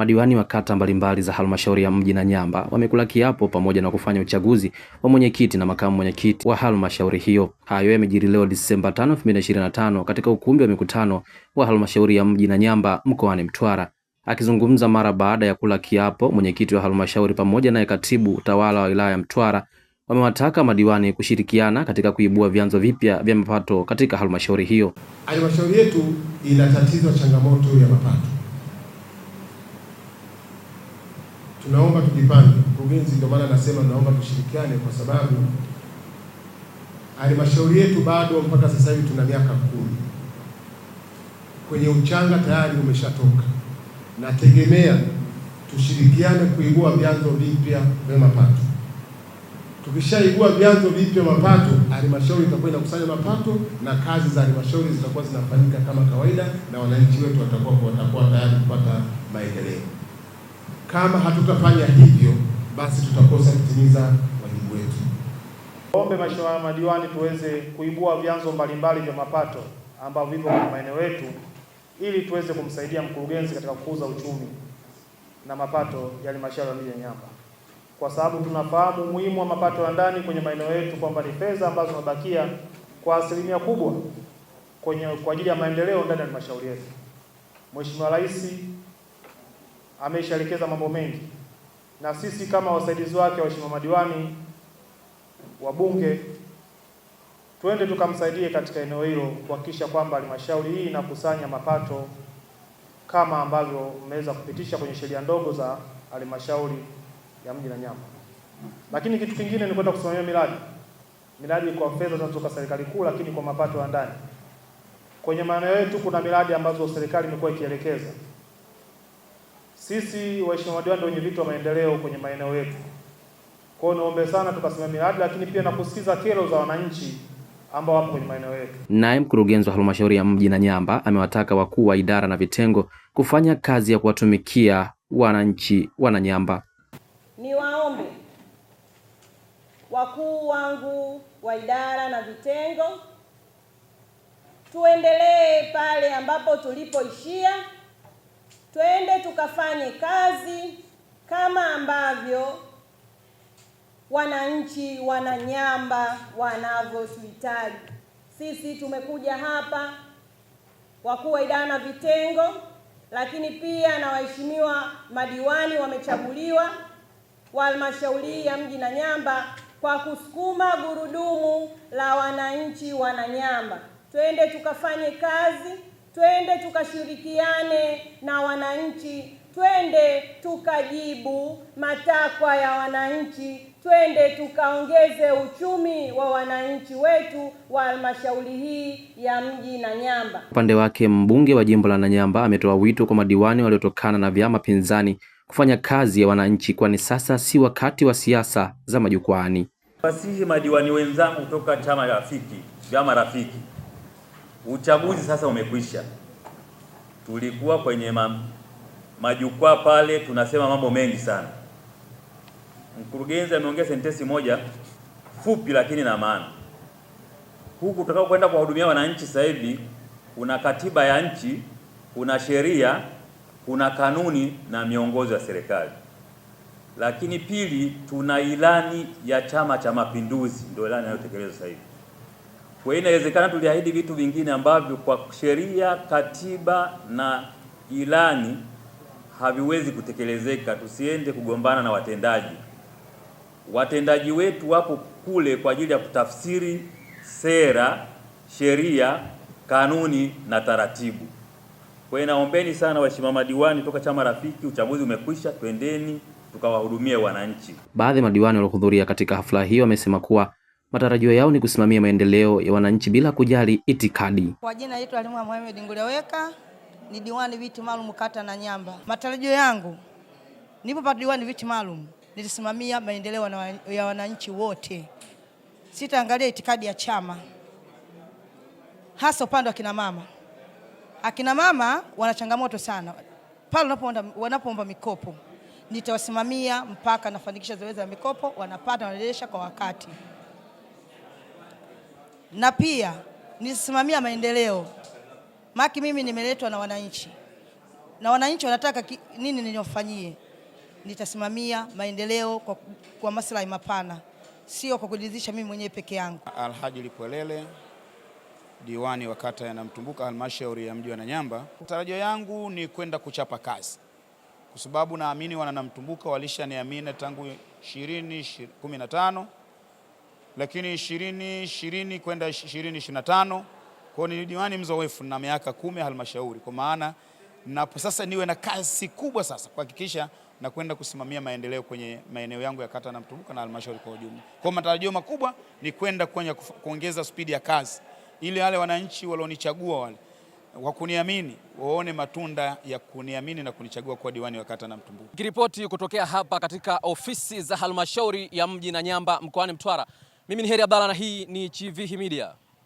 Madiwani wa kata mbalimbali za halmashauri ya mji Nanyamba wamekula kiapo pamoja na kufanya uchaguzi wa mwenyekiti na makamu mwenyekiti wa halmashauri hiyo. Hayo yamejiri leo Disemba 5, 2025 katika ukumbi wa mikutano wa halmashauri ya mji Nanyamba mkoani Mtwara. Akizungumza mara baada ya kula kiapo, mwenyekiti wa halmashauri pamoja naye katibu utawala wa wilaya ya Mtwara wamewataka madiwani kushirikiana katika kuibua vyanzo vipya vya mapato katika halmashauri hiyo. Halmashauri yetu ina tatizo, changamoto ya mapato tunaomba tujipange. Mkurugenzi, ndio maana nasema naomba tushirikiane, kwa sababu halmashauri yetu bado mpaka sasa hivi tuna miaka kumi kwenye uchanga tayari umeshatoka. Nategemea tushirikiane kuibua vyanzo vipya vya mapato. Tukishaibua vyanzo vipya mapato, halmashauri itakuwa inakusanya mapato na kazi za halmashauri zitakuwa zinafanyika kama kawaida, na wananchi wetu watakuwa watakuwa tayari kupata maendeleo. Kama hatutafanya hivyo, basi tutakosa kutimiza wajibu wetu. Ombe Mheshimiwa madiwani, tuweze kuibua vyanzo mbalimbali vya mapato ambavyo vipo kwenye maeneo yetu ili tuweze kumsaidia mkurugenzi katika kukuza uchumi na mapato ya halmashauri ya mji Nyamba, kwa sababu tunafahamu umuhimu wa mapato ya ndani kwenye maeneo yetu kwamba ni fedha ambazo zinabakia kwa asilimia kubwa kwenye kwa ajili ya maendeleo ndani ya halmashauri yetu. Mheshimiwa Rais ameshaelekeza mambo mengi, na sisi kama wasaidizi wake, waheshimiwa madiwani, wabunge, twende tukamsaidie katika eneo hilo kuhakikisha kwamba halmashauri hii inakusanya mapato kama ambavyo mmeweza kupitisha kwenye sheria ndogo za halmashauri ya mji Nanyamba. Lakini kitu kingine ni kwenda kusimamia miradi, miradi kwa fedha zinazotoka serikali kuu, lakini kwa mapato ya ndani. Kwenye maeneo yetu kuna miradi ambazo serikali imekuwa ikielekeza sisi waheshimiwa madiwani ndio wenye viti wa maendeleo kwenye maeneo yetu. Kwa hiyo niombe sana tukasimamia hadi, lakini pia na kusikiza kero za wananchi ambao wapo kwenye maeneo yetu. Naye mkurugenzi wa halmashauri ya mji Nanyamba amewataka wakuu wa idara na vitengo kufanya kazi ya kuwatumikia wananchi wa Nanyamba. Niwaombe wakuu wangu wa idara na vitengo tuendelee pale ambapo tulipoishia twende tukafanye kazi kama ambavyo wananchi wananyamba wanavyohitaji. Sisi tumekuja hapa, wakuu wa idara na vitengo, lakini pia na waheshimiwa madiwani wamechaguliwa wa halmashauri ya mji na Nyamba kwa kusukuma gurudumu la wananchi wananyamba, twende tukafanye kazi twende tukashirikiane na wananchi, twende tukajibu matakwa ya wananchi, twende tukaongeze uchumi wa wananchi wetu wa halmashauri hii ya mji Nanyamba. Upande wake mbunge wa jimbo la Nanyamba ametoa wito kwa madiwani waliotokana na vyama pinzani kufanya kazi ya wananchi, kwani sasa si wakati wa siasa za majukwani. Wasihi madiwani wenzangu kutoka chama rafiki, vyama rafiki Uchaguzi sasa umekwisha. Tulikuwa kwenye majukwaa pale tunasema mambo mengi sana. Mkurugenzi ameongea sentensi moja fupi lakini na maana. Huku tutakao kwenda kuwahudumia wananchi sasa hivi, kuna katiba ya nchi, kuna sheria, kuna kanuni na miongozo ya serikali. Lakini pili, tuna ilani ya Chama cha Mapinduzi, ndio ilani inayotekelezwa sasa hivi. Kwa hiyo inawezekana tuliahidi vitu vingine ambavyo kwa sheria, katiba na ilani haviwezi kutekelezeka. Tusiende kugombana na watendaji. Watendaji wetu wapo kule kwa ajili ya kutafsiri sera, sheria, kanuni na taratibu. Kwa hiyo naombeni sana waheshimiwa madiwani toka chama Rafiki, uchaguzi umekwisha, twendeni tukawahudumie wananchi. Baadhi ya madiwani waliohudhuria katika hafla hiyo wamesema kuwa Matarajio yao ni kusimamia maendeleo ya wananchi bila kujali itikadi. Kwa jina yetu Halima Mohamed Nguleweka, ni diwani viti maalum kata na Nyamba. Matarajio yangu nipo pa diwani viti maalum, nitasimamia maendeleo ya wananchi wote, sitaangalia itikadi ya chama, hasa upande wa kina mama. Akina mama wana changamoto sana pale wanapoomba mikopo, nitawasimamia mpaka nafanikisha zoezi la mikopo, wanapata wanaendelesha kwa wakati na pia nisimamia maendeleo, maki mimi nimeletwa na wananchi na wananchi wanataka ki, nini ninyofanyie. Nitasimamia maendeleo kwa, kwa maslahi mapana, sio kwa kujiridhisha mimi mwenyewe peke yangu. Alhaji Lipwelele, diwani wa kata ya Namtumbuka, halmashauri ya mji wa Nanyamba. Tarajio yangu ni kwenda kuchapa kazi, kwa sababu naamini wana Namtumbuka walishaniamini tangu 2015 lakini ishirini ishirini kwenda ishirini ishirini tano kwao ni diwani mzoefu na miaka kumi halmashauri, kwa maana na sasa niwe na kazi kubwa sasa kuhakikisha na kwenda kusimamia maendeleo kwenye maeneo yangu ya kata na Mtumbuka na halmashauri kwa ujumla. Kwa matarajio makubwa ni kwenda kwenye kuongeza spidi ya kazi ili wale wananchi walionichagua wale wa kuniamini waone matunda ya kuniamini na kunichagua kuwa diwani wa kata na Mtumbuka. Kiripoti kutokea hapa katika ofisi za halmashauri ya mji Nanyamba mkoani Mtwara. Mimi ni Heri Abdalla na hii ni Chivihi Media.